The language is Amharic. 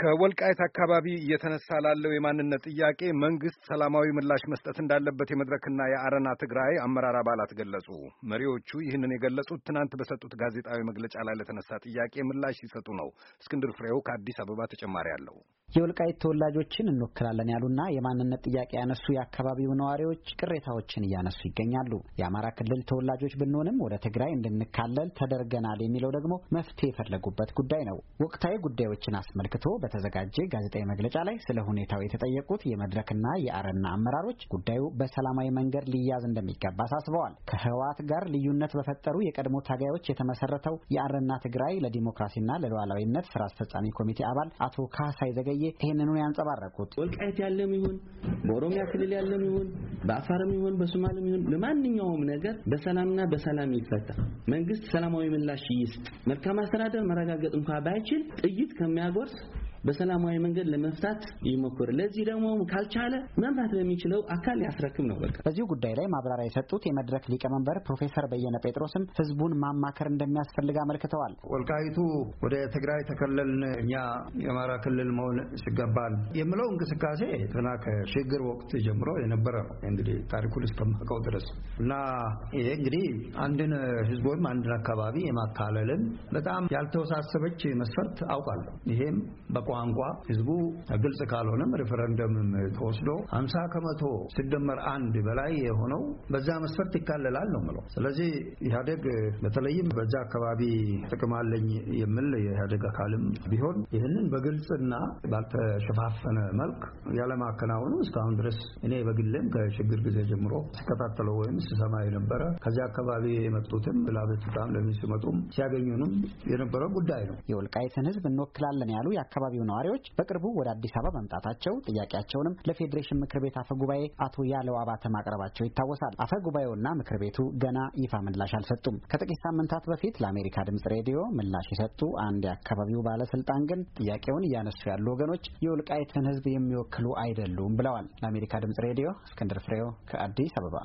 ከወልቃይት አካባቢ እየተነሳ ላለው የማንነት ጥያቄ መንግስት ሰላማዊ ምላሽ መስጠት እንዳለበት የመድረክና የአረና ትግራይ አመራር አባላት ገለጹ። መሪዎቹ ይህንን የገለጹት ትናንት በሰጡት ጋዜጣዊ መግለጫ ላይ ለተነሳ ጥያቄ ምላሽ ሲሰጡ ነው። እስክንድር ፍሬው ከአዲስ አበባ ተጨማሪ አለው። የወልቃይት ተወላጆችን እንወክላለን ያሉና የማንነት ጥያቄ ያነሱ የአካባቢው ነዋሪዎች ቅሬታዎችን እያነሱ ይገኛሉ። የአማራ ክልል ተወላጆች ብንሆንም ወደ ትግራይ እንድንካለል ተደርገናል የሚለው ደግሞ መፍትሄ የፈለጉበት ጉዳይ ነው። ወቅታዊ ጉዳዮችን አስመልክቶ በተዘጋጀ ጋዜጣዊ መግለጫ ላይ ስለ ሁኔታው የተጠየቁት የመድረክና የአረና አመራሮች ጉዳዩ በሰላማዊ መንገድ ሊያዝ እንደሚገባ አሳስበዋል። ከህወሓት ጋር ልዩነት በፈጠሩ የቀድሞ ታጋዮች የተመሰረተው የአረና ትግራይ ለዲሞክራሲና ለሉዓላዊነት ስራ አስፈጻሚ ኮሚቴ አባል አቶ ካሳይ ዘገየ ታዬ ይህንኑን ያንጸባረቁት። ወልቃይት ያለም ይሁን በኦሮሚያ ክልል ያለም ይሁን በአፋርም ይሁን በሶማሌም ይሁን ለማንኛውም ነገር በሰላምና በሰላም ይፈታ። መንግስት ሰላማዊ ምላሽ ይስጥ። መልካም አስተዳደር መረጋገጥ እንኳ ባይችል ጥይት ከሚያጎርስ በሰላማዊ መንገድ ለመፍታት ይሞክር። ለዚህ ደግሞ ካልቻለ መምራት በሚችለው አካል ያስረክም ነው በቃ። በዚሁ ጉዳይ ላይ ማብራሪያ የሰጡት የመድረክ ሊቀመንበር ፕሮፌሰር በየነ ጴጥሮስም ህዝቡን ማማከር እንደሚያስፈልግ አመልክተዋል። ወልቃይቱ ወደ ትግራይ ተከለልን፣ እኛ የአማራ ክልል መሆን ሲገባል የምለው እንቅስቃሴ ገና ከሽግግር ወቅት ጀምሮ የነበረ ነው እንግዲህ ታሪኩን እስከማውቀው ድረስ እና ይሄ እንግዲህ አንድን ህዝብ ወይም አንድን አካባቢ የማካለልን በጣም ያልተወሳሰበች መስፈርት አውቃለሁ። ይሄም በቆ ቋንቋ ህዝቡ ግልጽ ካልሆነም ሪፈረንደም ተወስዶ ሀምሳ ከመቶ ሲደመር አንድ በላይ የሆነው በዛ መስፈርት ይካለላል ነው የምለው። ስለዚህ ኢህአዴግ በተለይም በዛ አካባቢ ጥቅም አለኝ የሚል የኢህአዴግ አካልም ቢሆን ይህንን በግልጽና ባልተሸፋፈነ መልክ ያለማከናወኑ እስካሁን ድረስ እኔ በግሌም ከችግር ጊዜ ጀምሮ ስከታተለው ወይም ስሰማ የነበረ ከዚያ አካባቢ የመጡትም ለአቤቱታም በጣም ሲመጡም ሲያገኙንም የነበረ ጉዳይ ነው። የወልቃይትን ህዝብ እንወክላለን ያሉ የአካባቢው የአካባቢው ነዋሪዎች በቅርቡ ወደ አዲስ አበባ መምጣታቸው ጥያቄያቸውንም ለፌዴሬሽን ምክር ቤት አፈ ጉባኤ አቶ ያለው አባተ ማቅረባቸው ይታወሳል። አፈ ጉባኤውና ምክር ቤቱ ገና ይፋ ምላሽ አልሰጡም። ከጥቂት ሳምንታት በፊት ለአሜሪካ ድምጽ ሬዲዮ ምላሽ የሰጡ አንድ የአካባቢው ባለስልጣን ግን ጥያቄውን እያነሱ ያሉ ወገኖች የወልቃይትን ሕዝብ የሚወክሉ አይደሉም ብለዋል። ለአሜሪካ ድምጽ ሬዲዮ እስክንድር ፍሬው ከአዲስ አበባ